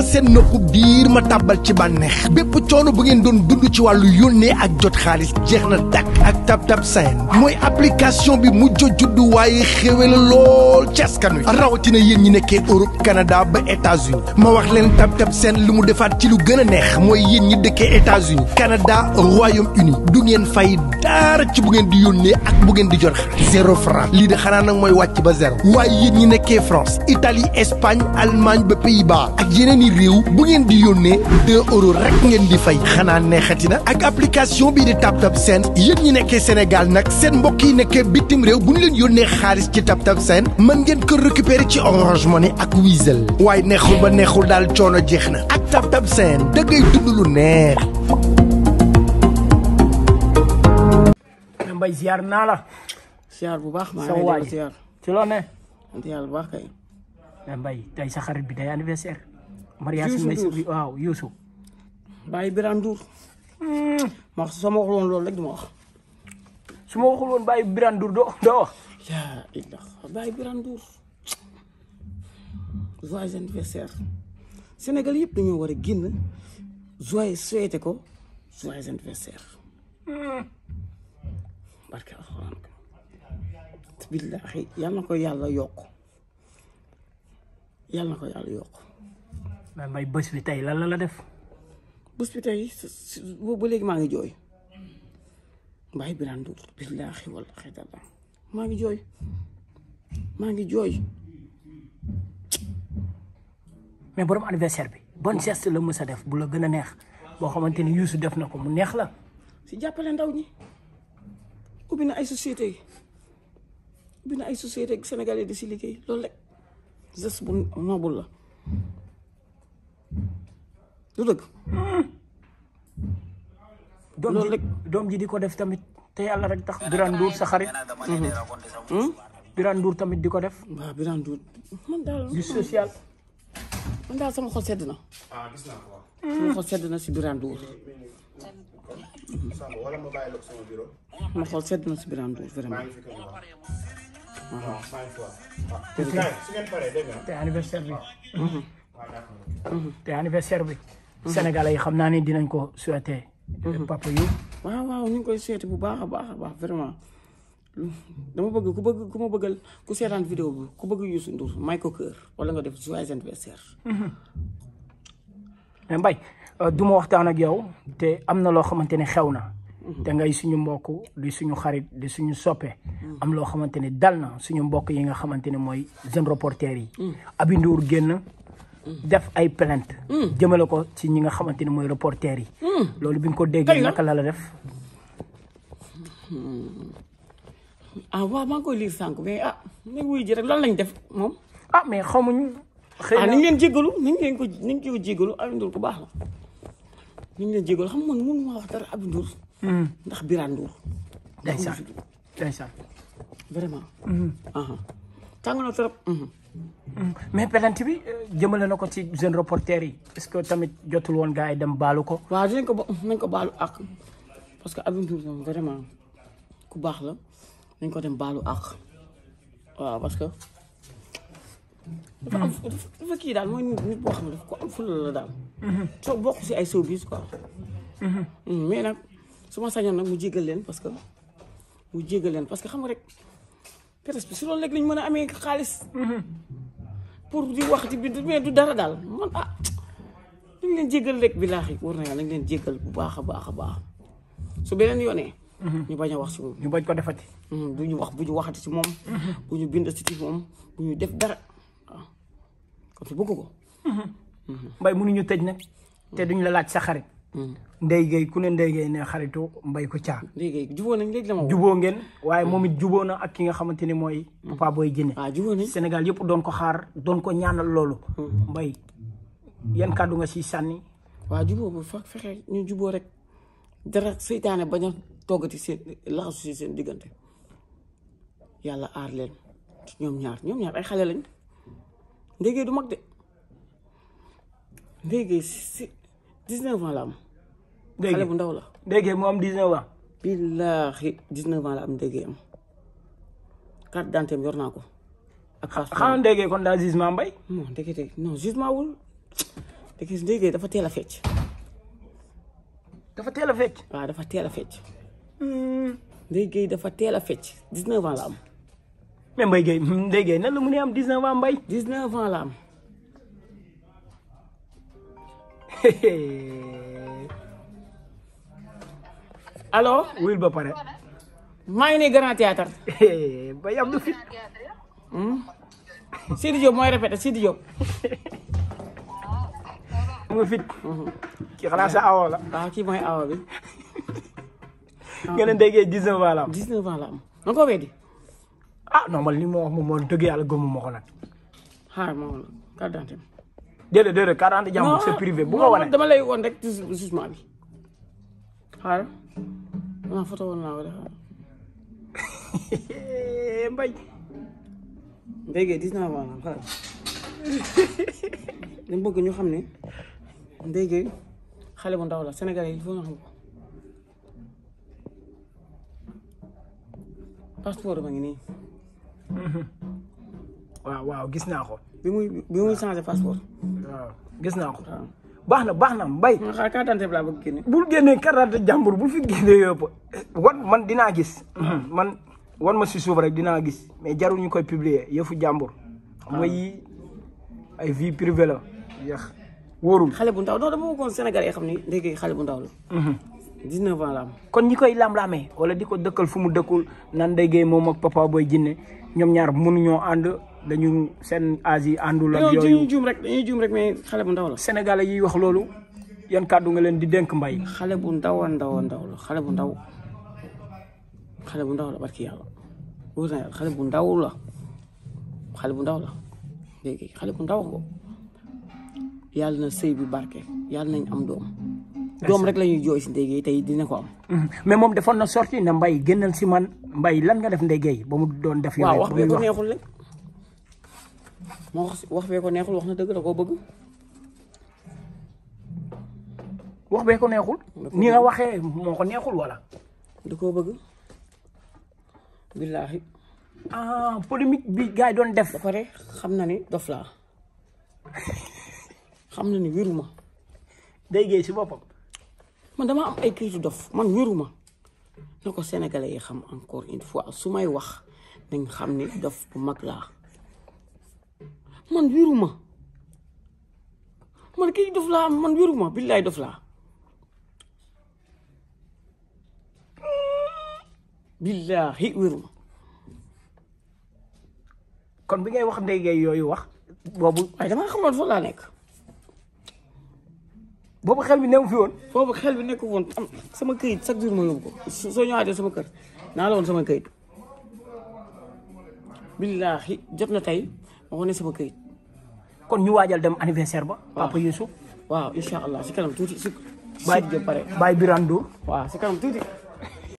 ma seen nopp biir ma tàbbal ci bànneex bépp coono bu ngeen doon dund ci wàllu yónnee ak jot xaalis jeex na dàkk ak Tab Tab Send mooy application bi mu mujj juddu waaye xéwe la lool ci askan wi rawatina yéen ñi nekkee Europe Canada ba États-Unis ma wax leen Tab Tab Send lu mu defaat ci lu gën a neex mooy yéen ñi dëkkee États-Unis Canada Royaume-Uni du ngeen fay dara ci bu ngeen di yónnee ak bu ngeen di jot xaalis zéro franc lii di xanaa nag mooy wàcc ba zéro waaye yéen ñi nekkee France Italie Espagne Allemagne ba biir réew bu ngeen di yónnee 2 euros rek ngeen di fay xanaa neexati na ak application bii di TapTap Send yéen ñi nekkee Sénégal nag seen mbokk yi nekkee bitim réew bu ñu leen yónnee xaalis ci TapTap Send mën ngeen ko récupérer ci Orange Money ak Wizall waaye neexul ba neexul daal coono jeex na ak TapTap Send da ngay dund neex. bu baax ci loo ne. sant xarit bi mariage bi waaw Youssou bàyyi Birane Ndour hmm. ma wax sama waxul woon loolu ma wax su ma waxul woon bàyyi doo yaa ilaha bàyyi Birane Ndour joyeux anniversaire Sénégal yëpp dañoo war a génn joyeux souhaité ko joyeux anniversaire hmm. barke alxuraan billaahi ko yàlla yokk na ko yàlla yokk naan may bés bi tey lan la def. bés bi tey ba léegi maa ngi jooy Mbaye Birane Ndour billaahi wallaahi tallaahi maa ngi jooy maa ngi jooy. mais borom anniversaire bi bon geste la mës a def bu la gën a neex boo xamante ni Youssou def na ko mu neex la. si jàppale ndaw ñi ubbi na ay société ubbi na ay société sénégalais di si liggéey loolu rek geste bu noble la. du dëgg doom ji di ko def tamit te yàlla rek tax Birane Ndour sa xarit mhm. Birane tamit di ko def waaw Birane daal du social man daal sama ah, na si Birane Ndour sama xol si Birane Ndour vraiment Mm-hmm. te anniversaire bi. Mm-hmm. Sénégalais yi xam naa ne dinañ ko souhaité. Mm-hmm. papa yu waaw waaw ñu koy souhaité bu baax a baax a baax vraiment. dama bëgg ku bëgg ku ma bëggal ku seetaan vidéo bi ku bëgg Youssou Ndour may ko kër wala nga def joyeux anniversaire. mais Mbaye euh, du ma waxtaan ak yow te am na loo xamante ne xew na. te ngay suñu mbokk di suñu xarit di suñu soppe. am loo xamante ne dal na suñu mbokk yi nga xamante ne mooy jeune reporter yi. Aby génn. def ay plainte hmm. jëmale ko ci ñi nga xamante ni mooy reporter yi hmm. loolu bi nga ko déggee naka la la def hmm. ah maa ngi koy lire sànq mais ah nag wuy lan lañ def moom ah mais xamuñ xëy ah, na nañ leen jégalu nañ leen ko nañ ko jégalu baax la nañ leen jégalu xam man mënu maa wax dara Aby ndax Birane Ndour ndeysaan ah, ah. tàng na trop Mm. mais penalty bi euh, jëmale na ko ci jeune reporter yi est-ce que tamit jotul woon gars yi dem baalu ko. waaw dinañ ko nañ ko baalu ak parce que Abdou Ndour la nañ ko dem baalu ak waaw parce que. dafa am dafa kii daal mooy nit boo xam ne dafa ko am fula la daal. Mm-hmm. soo bokk si ay showbiz quoi. Mm-hmm. Mm, mais nag su ma sañoon nag mu jégal leen parce que mu jégal leen parce que xam nga rek. presse si loolu léegi lañ mën a amee xaalis. pour di wax di bind mais du dara daal man ah dañ leen jéggal rek billaahi war na yàlla dañ leen jéggal bu baax a baax a baax su beneen yoonee. ñu bañ a wax si moom. ñu bañ ko defati. Mm-hmm, du ñu wax bu ñu waxati si moom. bu mm-hmm. ñu bind si moom bu ñu def dara waaw ah. kon fi bëgg ko. Mm-hmm. mbay mënuñu tëj nag. te duñ la laaj sa xarit. Mm. Ndeye Gueye ku ne Ndeye ne xaritu mbay ko caa. Ndeye juboo nañ léegi la ma juboo ngeen. waaye moom it juboo na ak ki nga xamante ni mooy. Papa Boy Djiné. ah juboo nañ Sénégal yëpp doon ko xaar doon ko ñaanal loolu. Mm. mbay yan kàddu nga si sànni. waa juboo bu fa fexe ñu juboo rek dara seytaane bañ toggati seen laxasu si seen diggante yàlla aar leen ñoom ñaar ñoom ñaar ay xale lañ Ndeye du mag de Ndeye 19 ans la am. dégg xale bu ndaw la. dégg mu am 19 ans. billaahi 19 ans la am dégg am carte yor naa ko. ak xaalis xanaa dégg kon daal jugement mbay. non dégg non jugement wul dégg dafa teel a fecc. dafa teel a fecc. dafa teel a fecc. Hmm. Ndeye dafa teel a fecc 19 ans la am. mais Mbaye Gueye la mu ne am 19 ans mbay. 19 ans la allo wuyul ba pare maa ngi nii grand théâtre ba yam du fit hmm? Sidi Diop mooy répété Sidi mu fit ki xalaat sa la waaw ah, kii mooy awo bi ngeen déggee dix-neuf ans la am dix-neuf ans la am ko weddi ah non man li moo dëgg yàlla gëmmu ma ko nag xaar moom la carte d'identité déedéet déedéet carte d'identité jàmbur c'est privé bu ko wane dama lay woon rek jugement bi xaaral ma photo woon naa ko de xaaral mbay mbéygee dix neuf ans la xaaral dañ bëgg ñu xam ne mbéygee xale bu ndaw la Sénégalais il faut ñu xam ko passeport ba ngi nii mhm. waaw waaw gis naa ko. bi muy bi muy changé passeport. waaw gis naa ko. baax na baax na mbay. ma xaar carte d'identité laa bëgg génne. bul génnee carte jàmbur bul fi génnee yëpp. wan man dinaa gis. man wan ma si suuf rek dinaa gis mais jarul ñu koy publier yëfu jàmbur. xam nga ah. yii ay vie privée la. yax xale bu ndaw doo dama bëggoon Sénégal yi xam ni léegi xale bu ndaw la. Mhm. kon ñi koy lam-lamee wala di ko dëkkal fu mu dëkkul nan déggee moom ak papa booy jinne ñoom ñaar mënuñoo ànd dañu seen âge yi àndul ak yooyu dañuy juum rek dañuy juum rek mais xale bu ndaw la. Sénégalais wax loolu yan kàddu nga leen di dénk mbay. xale bu ndaw a ndaw a ndaw la xale bu ndaw xale bu ndaw la barki yàlla wóor na yàlla xale bu ndaw la xale bu ndaw la léegi xale bu ndaw yàlla na sëy bi barke yàlla nañ am doom. doom rek lañuy ñuy jooy si ndéygéey tey dina ko am mm-hmm. mais moom defoon na sorti na mbay génnal si man mbay lan nga def ndéygéey ba mu doon def waaw wax bee ko neexul rek moo wax na dëgg da koo bëgg wax bee ko neexul ni nga waxee moo ko neexul wala da koo bëgg billaahi ah bi gars yi doon def. ba pare xam na ni dof laa xam na ni wiruma day géey si boppam. man dama am ay kiitu dof man wéruma na ko sénégalais yi xam encore une fois su may wax nañ xam ni dof mag la man wéruma man kii dof laa man wéruma billaay dof la billaahi wéruma kon bi ngay wax ndey ngay yooyu wax boobu waaye damaa xamoon fa laa nekk boobu xel bi new fi woon. boobu xel bi nekk woon sama këyit chaque jour ma yóbbu ko soo ñëwaatee sama kër naa la woon sama këyit billaahi jot na tey ma wane sama këyit. kon ñu waajal dem anniversaire ba. papa Youssou. waaw incha allah si kanam tuuti si. si pare waaw si kanam tuuti.